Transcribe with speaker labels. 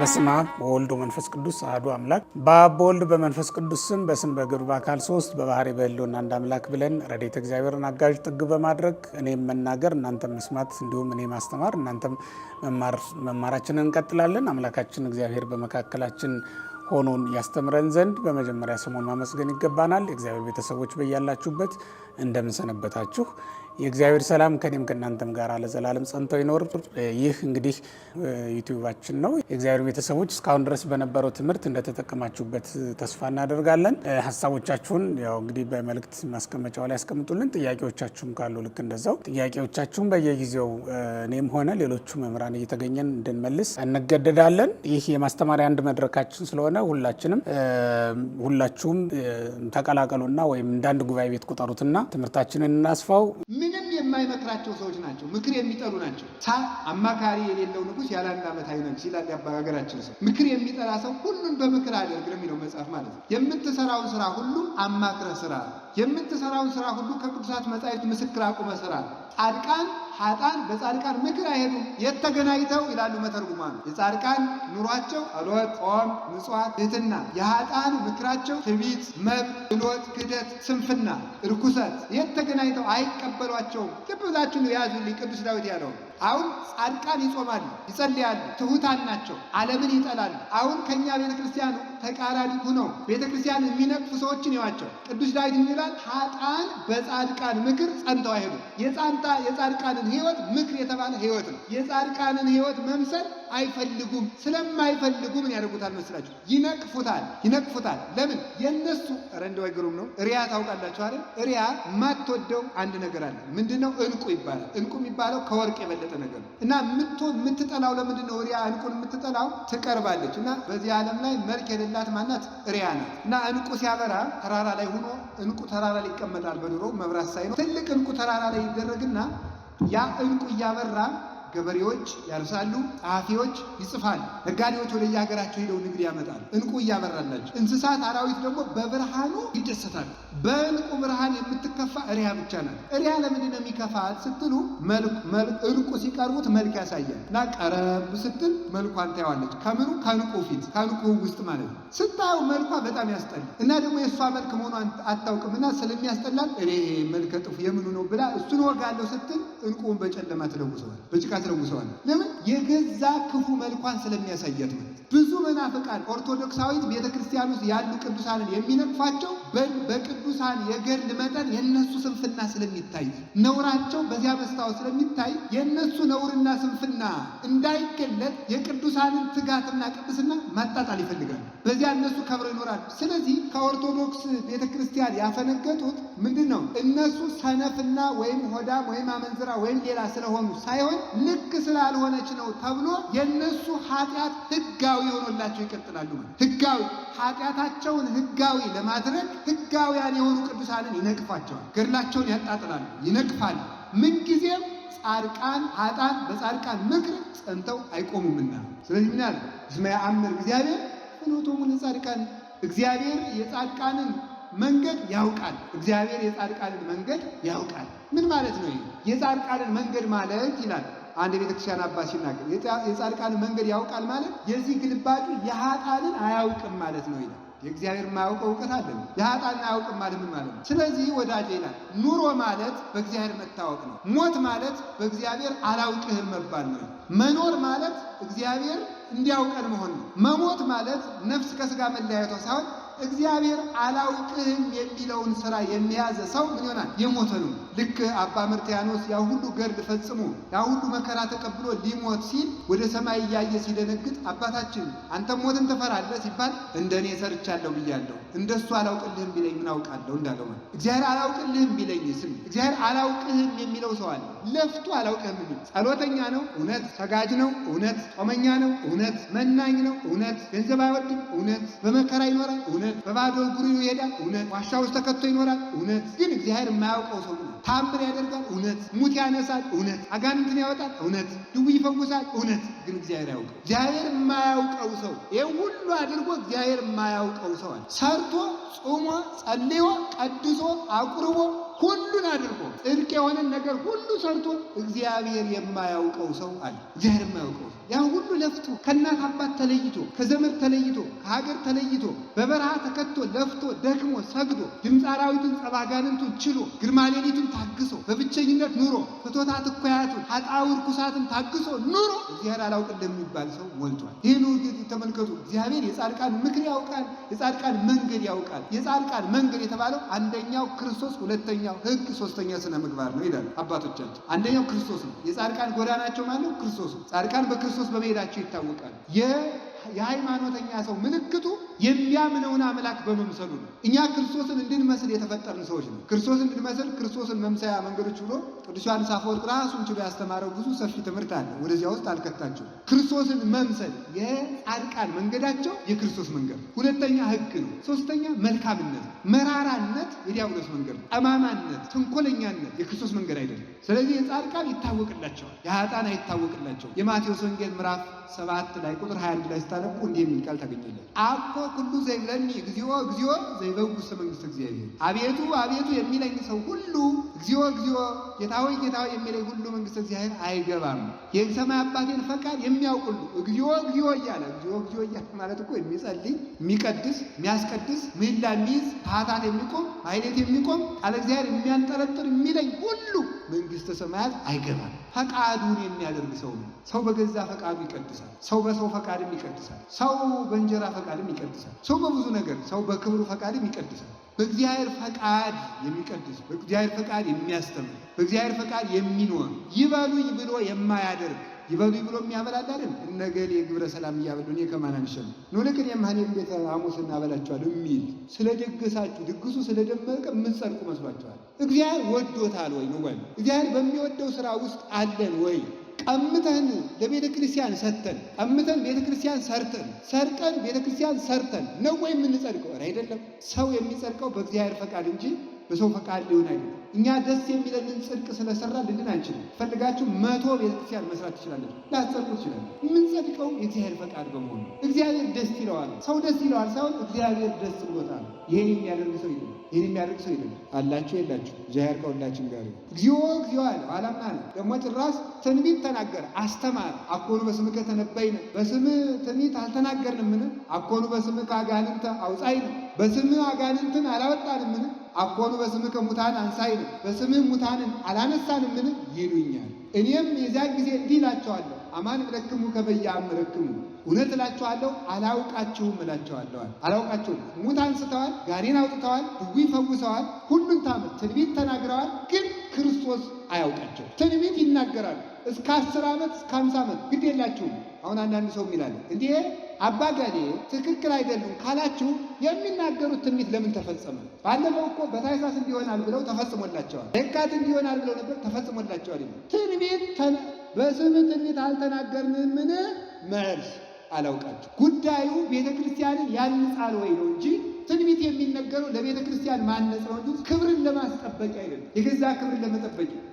Speaker 1: በስመ አብ ወወልድ ወመንፈስ ቅዱስ አሐዱ አምላክ በአብ በወልድ በመንፈስ ቅዱስ ስም በስም በግብር በአካል ሶስት በባህሪ በሕልውና አንድ አምላክ ብለን ረድኤተ እግዚአብሔርን አጋዥ ጥግ በማድረግ እኔም መናገር እናንተም መስማት እንዲሁም እኔ ማስተማር እናንተም መማራችንን እንቀጥላለን። አምላካችን እግዚአብሔር በመካከላችን ሆኖን ያስተምረን ዘንድ በመጀመሪያ ስሙን ማመስገን ይገባናል። የእግዚአብሔር ቤተሰቦች በያላችሁበት እንደምንሰነበታችሁ የእግዚአብሔር ሰላም ከኔም ከእናንተም ጋር ለዘላለም ጸንቶ ይኖር። ይህ እንግዲህ ዩቲዩባችን ነው። የእግዚአብሔር ቤተሰቦች እስካሁን ድረስ በነበረው ትምህርት እንደተጠቀማችሁበት ተስፋ እናደርጋለን። ሀሳቦቻችሁን ያው እንግዲህ በመልእክት ማስቀመጫው ላይ ያስቀምጡልን። ጥያቄዎቻችሁም ካሉ ልክ እንደዛው ጥያቄዎቻችሁም በየጊዜው እኔም ሆነ ሌሎቹ መምህራን እየተገኘን እንድንመልስ እንገደዳለን። ይህ የማስተማሪያ አንድ መድረካችን ስለሆነ ሁላችንም ሁላችሁም ተቀላቀሉና ወይም እንዳንድ ጉባኤ ቤት ቁጠሩትና ትምህርታችንን እናስፋው።
Speaker 2: የማይመክራቸው ሰዎች ናቸው። ምክር የሚጠሉ ናቸው። ሳ አማካሪ የሌለው ንጉስ ያለ አንድ ዓመት አይነግስ ይላል ያባጋገራችን ሰው። ምክር የሚጠላ ሰው ሁሉን በምክር አደርግ ነው የሚለው መጽሐፍ ማለት ነው። የምትሰራውን ስራ ሁሉ አማክረ ስራ። የምትሰራውን ስራ ሁሉ ከቅዱሳት መጻሕፍት ምስክር አቁመ ስራ። ጻድቃን ሀጣን በጻድቃን ምክር አይሄዱም የት ተገናኝተው ይላሉ መተርጉማን። የጻድቃን ኑሯቸው ጸሎት፣ ጾም፣ ምጽዋት፣ ትህትና፣ የሀጣን ምክራቸው ትዕቢት፣ መብ፣ ግሎት፣ ክህደት፣ ስንፍና፣ እርኩሰት የት ተገናኝተው አይቀበሏቸውም። ልብ ብላችሁ ያዙልኝ ቅዱስ ዳዊት ያለው አሁን ጻድቃን ይጾማሉ፣ ይጸልያሉ፣ ትሑታን ናቸው፣ ዓለምን ይጠላሉ። አሁን ከእኛ ቤተ ክርስቲያን ተቃራኒ ሁነው ቤተ ክርስቲያን የሚነቅፉ ሰዎችን ይዋቸው። ቅዱስ ዳዊት የሚላል ሀጣን በጻድቃን ምክር ጸንተው አይሄዱ። የጻንጣ የጻድቃንን ህይወት ምክር የተባለ ህይወት ነው። የጻድቃንን ህይወት መምሰል አይፈልጉም። ስለማይፈልጉ ምን ያደርጉታል መስላችሁ? ይነቅፉታል፣ ይነቅፉታል። ለምን የነሱ ረንድ ወግሩም ነው። እሪያ ታውቃላችሁ አይደል? ሪያ ማትወደው አንድ ነገር አለ። ምንድነው? እንቁ ይባላል። እንቁ የሚባለው ከወርቅ የበለጠ የተገለጠ ነገር ነው እና ምቶ የምትጠላው ለምንድን ነው? ሪያ እንቁን የምትጠላው ትቀርባለች እና በዚህ ዓለም ላይ መልክ የሌላት ማናት? ሪያ ናት። እና እንቁ ሲያበራ ተራራ ላይ ሆኖ እንቁ ተራራ ላይ ይቀመጣል። በድሮ መብራት ሳይኖር ትልቅ እንቁ ተራራ ላይ ይደረግና ያ እንቁ እያበራ ገበሬዎች ያርሳሉ፣ ጸሐፊዎች ይጽፋሉ፣ ነጋዴዎች ወደ የሀገራቸው ሄደው ንግድ ያመጣሉ። እንቁ እያበራላቸው፣ እንስሳት አራዊት ደግሞ በብርሃኑ ይደሰታሉ። በእንቁ ብርሃን የምትከፋ እሪያ ብቻ ናት። እሪያ ለምንድን ነው የሚከፋት ስትሉ እርቁ ሲቀርቡት መልክ ያሳያል እና ቀረብ ስትል መልኳን ታየዋለች። ከምኑ ከንቁ ፊት ከንቁ ውስጥ ማለት ነው። ስታየው መልኳ በጣም ያስጠላል እና ደግሞ የእሷ መልክ መሆኗን እና ስለሚያስጠላት እኔ መልከ ጥፉ የምኑ ነው ብላ እሱን ወጋለሁ ስትል እንቁውን በጨለማ ትለውሰዋል፣ በጭቃ ትለውሰዋል። ለምን የገዛ ክፉ መልኳን ስለሚያሳያት ነው። ብዙ መናፍቃን ኦርቶዶክሳዊት ቤተክርስቲያን ውስጥ ያሉ ቅዱሳንን የሚነቅፏቸው በቅዱሳን የገድል መጠን የእነሱ ስንፍና ስለሚታይ ነውራቸው በዚያ በስታው ስለሚታይ የእነሱ ነውርና ስንፍና እንዳይገለጥ የቅዱሳንን ትጋትና ቅድስና ማጣጣል ይፈልጋል። በዚያ እነሱ ከብረው ይኖራሉ። ስለዚህ ከኦርቶዶክስ ቤተ ክርስቲያን ያፈነገጡት ምንድን ነው? እነሱ ሰነፍና ወይም ሆዳም ወይም አመንዝራ ወይም ሌላ ስለሆኑ ሳይሆን ልክ ስላልሆነች ነው ተብሎ የእነሱ ኃጢአት ህጋዊ ሆኖላቸው ይቀጥላሉ። ህጋዊ ኃጢአታቸውን ህጋዊ ለማድረግ ህጋውያን የሆኑ ቅዱሳንን ይነቅፋቸዋል። ገድላቸውን ያጣጥላሉ፣ ይነቅፋሉ። ምንጊዜም ጻድቃን ኃጥአን በጻድቃን ምክር ጸንተው አይቆሙምና። ስለዚህ ምን ያለ እስመ ያአምር እግዚአብሔር ፍኖቶሙ ለጻድቃን፣ እግዚአብሔር የጻድቃንን መንገድ ያውቃል። እግዚአብሔር የጻድቃንን መንገድ ያውቃል። ምን ማለት ነው? የጻድቃንን መንገድ ማለት ይላል አንድ ክርስቲያን አባት ሲናገር የጻድቃን መንገድ ያውቃል ማለት የዚህ ግልባጩ የሀጣንን አያውቅም ማለት ነው ይላል። የእግዚአብሔር የማያውቀው እውቀት አለን የሀጣንን አያውቅም ማለት ምን ማለት ነው? ስለዚህ ወዳጄ ይላል ኑሮ ማለት በእግዚአብሔር መታወቅ ነው። ሞት ማለት በእግዚአብሔር አላውቅህም መባል ነው። መኖር ማለት እግዚአብሔር እንዲያውቀን መሆን ነው። መሞት ማለት ነፍስ ከስጋ መለያየቷ ሳይሆን እግዚአብሔር አላውቅህም የሚለውን ስራ የሚያዘ ሰው ምን ይሆናል? የሞተ ነው። ልክ አባ መርትያኖስ ያ ሁሉ ገድል ፈጽሞ ያ ሁሉ መከራ ተቀብሎ ሊሞት ሲል ወደ ሰማይ እያየ ሲደነግጥ አባታችን አንተ ሞትን ትፈራለህ ሲባል እንደ እኔ ሰርቻለሁ ብያለሁ፣ እንደሱ አላውቅልህም ቢለኝ ምን አውቃለሁ እንዳለው እግዚአብሔር አላውቅልህም ቢለኝ ስም እግዚአብሔር አላውቅህም የሚለው ሰው አለ ለፍቶ አላውቅህምን? ጸሎተኛ ነው እውነት፣ ሰጋጅ ነው እውነት፣ ጾመኛ ነው እውነት፣ መናኝ ነው እውነት፣ ገንዘብ አይወድም እውነት፣ በመከራ ይኖራል እውነት፣ በባዶ እግሩ ይሄዳል እውነት፣ ዋሻ ውስጥ ተከቶ ይኖራል እውነት። ግን እግዚአብሔር የማያውቀው ሰው ነው። ታምር ያደርጋል እውነት፣ ሙት ያነሳል እውነት፣ አጋንንትን ያወጣል እውነት፣ ድውይ ይፈውሳል እውነት። ግን እግዚአብሔር ያውቀው እግዚአብሔር የማያውቀው ሰው ይህ ሁሉ አድርጎ እግዚአብሔር የማያውቀው አለ ሰርቶ ጾሞ ጸልዮ ቀድሶ አቁርቦ ሁሉን አድርጎ እርቅ የሆነን ነገር ሁሉ ሰርቶ እግዚአብሔር የማያውቀው ሰው አለ። እግዚአብሔር የማያውቀው ሰው ያ ሁሉ ለፍቶ ከእናት አባት ተለይቶ ከዘመድ ተለይቶ ከሀገር ተለይቶ በበረሃ ተከቶ ለፍቶ ደክሞ ሰግዶ ድምፀ አራዊቱን ጸባጋንንቱን ችሎ ግርማ ሌሊቱን ታግሶ በብቸኝነት ኑሮ ፍቶታ ትኮያቱን ኃጣውር ኩሳትን ታግሶ ኑሮ እግዚአብሔር አላውቅ እንደሚባል ሰው ሞልቷል። ይህን ተመልከቱ። እግዚአብሔር የጻድቃን ምክር ያውቃል፣ የጻድቃን መንገድ ያውቃል። የጻድቃን መንገድ የተባለው አንደኛው ክርስቶስ፣ ሁለተኛው ህግ፣ ሶስተኛ ስነ ምግባር ነው ይላሉ አባቶቻችን። አንደኛው ክርስቶስ ነው። የጻድቃን ጎዳናቸው ማለት ክርስቶስ ነው። ጻድቃን በክርስቶስ ክርስቶስ በመሄዳቸው ይታወቃል። የሃይማኖተኛ ሰው ምልክቱ የሚያምነውን አምላክ በመምሰሉ ነው። እኛ ክርስቶስን እንድንመስል የተፈጠርን ሰዎች ነው። ክርስቶስን እንድንመስል ክርስቶስን መምሰያ መንገዶች ብሎ ቅዱስ ዮሐንስ አፈወርቅ ራሱን ችሎ ያስተማረው ብዙ ሰፊ ትምህርት አለ። ወደዚያ ውስጥ አልከታቸው። ክርስቶስን መምሰል የጻድቃን መንገዳቸው የክርስቶስ መንገድ፣ ሁለተኛ ህግ ነው። ሶስተኛ መልካምነት፣ መራራነት የዲያብሎስ መንገድ ነው። ጠማማነት፣ ተንኮለኛነት የክርስቶስ መንገድ አይደለም። ስለዚህ የጻድቃን ይታወቅላቸዋል፣ የሀጣን አይታወቅላቸው። የማቴዎስ ወንጌል ምዕራፍ ሰባት ላይ ቁጥር 21 ላይ ስታነቡ እንዲህ የሚል ቃል ታገኛለን። አኮ ሁሉ ዘይብለኒ እግዚኦ እግዚኦ ዘይበውስ መንግስት እግዚአብሔር። አቤቱ አቤቱ የሚለኝ ሰው ሁሉ እግዚኦ እግዚኦ ጌታ ሆይ ጌታ ሆይ የሚለኝ ሁሉ መንግስት እግዚአብሔር አይገባም። የሰማይ አባቴን ፈቃድ የሚያውቅ ሁሉ እግዚኦ እግዚኦ እያለ እግዚኦ እግዚኦ እያለ ማለት እኮ የሚጸልይ የሚቀድስ የሚያስቀድስ ምህላ የሚይዝ ታህታት የሚቆም አይነት የሚቆም ቃለ እግዚአብሔር የሚያንጠለጥር የሚለኝ ሁሉ መንግስተ ሰማያት አይገባም። ፈቃዱን የሚያደርግ ሰው ነው። ሰው በገዛ ፈቃዱ ይቀድሳል። ሰው በሰው ፈቃድም ይቀድሳል። ሰው በእንጀራ ፈቃድም ይቀድሳል። ሰው በብዙ ነገር ሰው በክብሩ ፈቃድም ይቀድሳል። በእግዚአብሔር ፈቃድ የሚቀድስ በእግዚአብሔር ፈቃድ የሚያስተምር በእግዚአብሔር ፈቃድ የሚኖር ይበሉኝ ብሎ የማያደርግ ይበሉኝ ብሎ የሚያበላላልን እነገሌ ግብረ ሰላም እያበሉ እኔ ከማን አንሸም ንውልቅን የማህኔን ቤተ ሐሙስ እናበላቸዋል የሚል ስለ ደገሳችሁ ድግሱ ስለደመቀ የምትጸድቁ መስሏቸዋል። እግዚአብሔር ወዶታል ወይ ነው ወይ? እግዚአብሔር በሚወደው ስራ ውስጥ አለን ወይ? ቀምተን ለቤተ ክርስቲያን ሰጥተን ቀምተን ቤተ ክርስቲያን ሰርተን ሰርቀን ቤተ ክርስቲያን ሰርተን ነው ወይ የምንጸድቀው? አይደለም። ሰው የሚጸድቀው በእግዚአብሔር ፈቃድ እንጂ በሰው ፈቃድ ሊሆን አይደለም። እኛ ደስ የሚለንን ጽድቅ ስለሰራ ልንን አንችልም። ፈልጋችሁ መቶ ቤተክርስቲያን መስራት ትችላለን፣ ላትጸድቁ ትችላለን። የምንጸድቀው የእግዚአብሔር ፈቃድ በመሆኑ እግዚአብሔር ደስ ይለዋል። ሰው ደስ ይለዋል ሳይሆን እግዚአብሔር ደስ ይሎታል። ይህን የሚያደርግ ሰው ይደለም። ይህን የሚያደርግ ሰው ይደለም። አላችሁ የላችሁ እግዚአብሔር ከሁላችን ጋር እግዚኦ እግዚኦ አለ አላምና አለ። ደግሞ ጭራስ ትንቢት ተናገረ አስተማር አኮኑ በስምከ ተነበይነ በስም ትንቢት አልተናገርንምን? አኮኑ በስምከ አጋንንተ አውፃይነ በስምህ አጋንንትን አላወጣንምን? አኮኑ በስም ሙታን አንሳይን በስምህ ሙታንን አላነሳንምን? ይሉኛል። እኔም የዚያን ጊዜ እንዲህ እላቸዋለሁ፣ አማን እብለክሙ ከበያ አምረክሙ፣ እውነት እላቸዋለሁ አላውቃችሁም እላቸዋለዋል። አላውቃችሁም ሙት አንስተዋል፣ ጋሬን አውጥተዋል፣ ድውይ ፈውሰዋል፣ ሁሉን ታምር ትንቢት ተናግረዋል ግን ክርስቶስ አያውቃቸው። ትንቢት ይናገራሉ። እስከ አስር ዓመት እስከ ሃምሳ ዓመት ግድ የላችሁም። አሁን አንዳንድ ሰው የሚላለ እንዲህ አባ ጋሌ ትክክል አይደሉም ካላችሁ የሚናገሩት ትንቢት ለምን ተፈጸመ? ባለፈው እኮ በታይሳስ እንዲሆናል ብለው ተፈጽሞላቸዋል። የካቲት እንዲሆናል ብለው ነበር ተፈጽሞላቸዋል። ትንቢት በስም ትንቢት አልተናገርንምን? መርስ አላውቃችሁ። ጉዳዩ ቤተ ክርስቲያንን ያንጻል ወይ ነው እንጂ ትንቢት የሚነገረው ለቤተ ክርስቲያን ማነጽ ነው እንጂ ክብርን ለማስጠበቂያ አይደለም። የገዛ ክብርን ለመጠበቂያ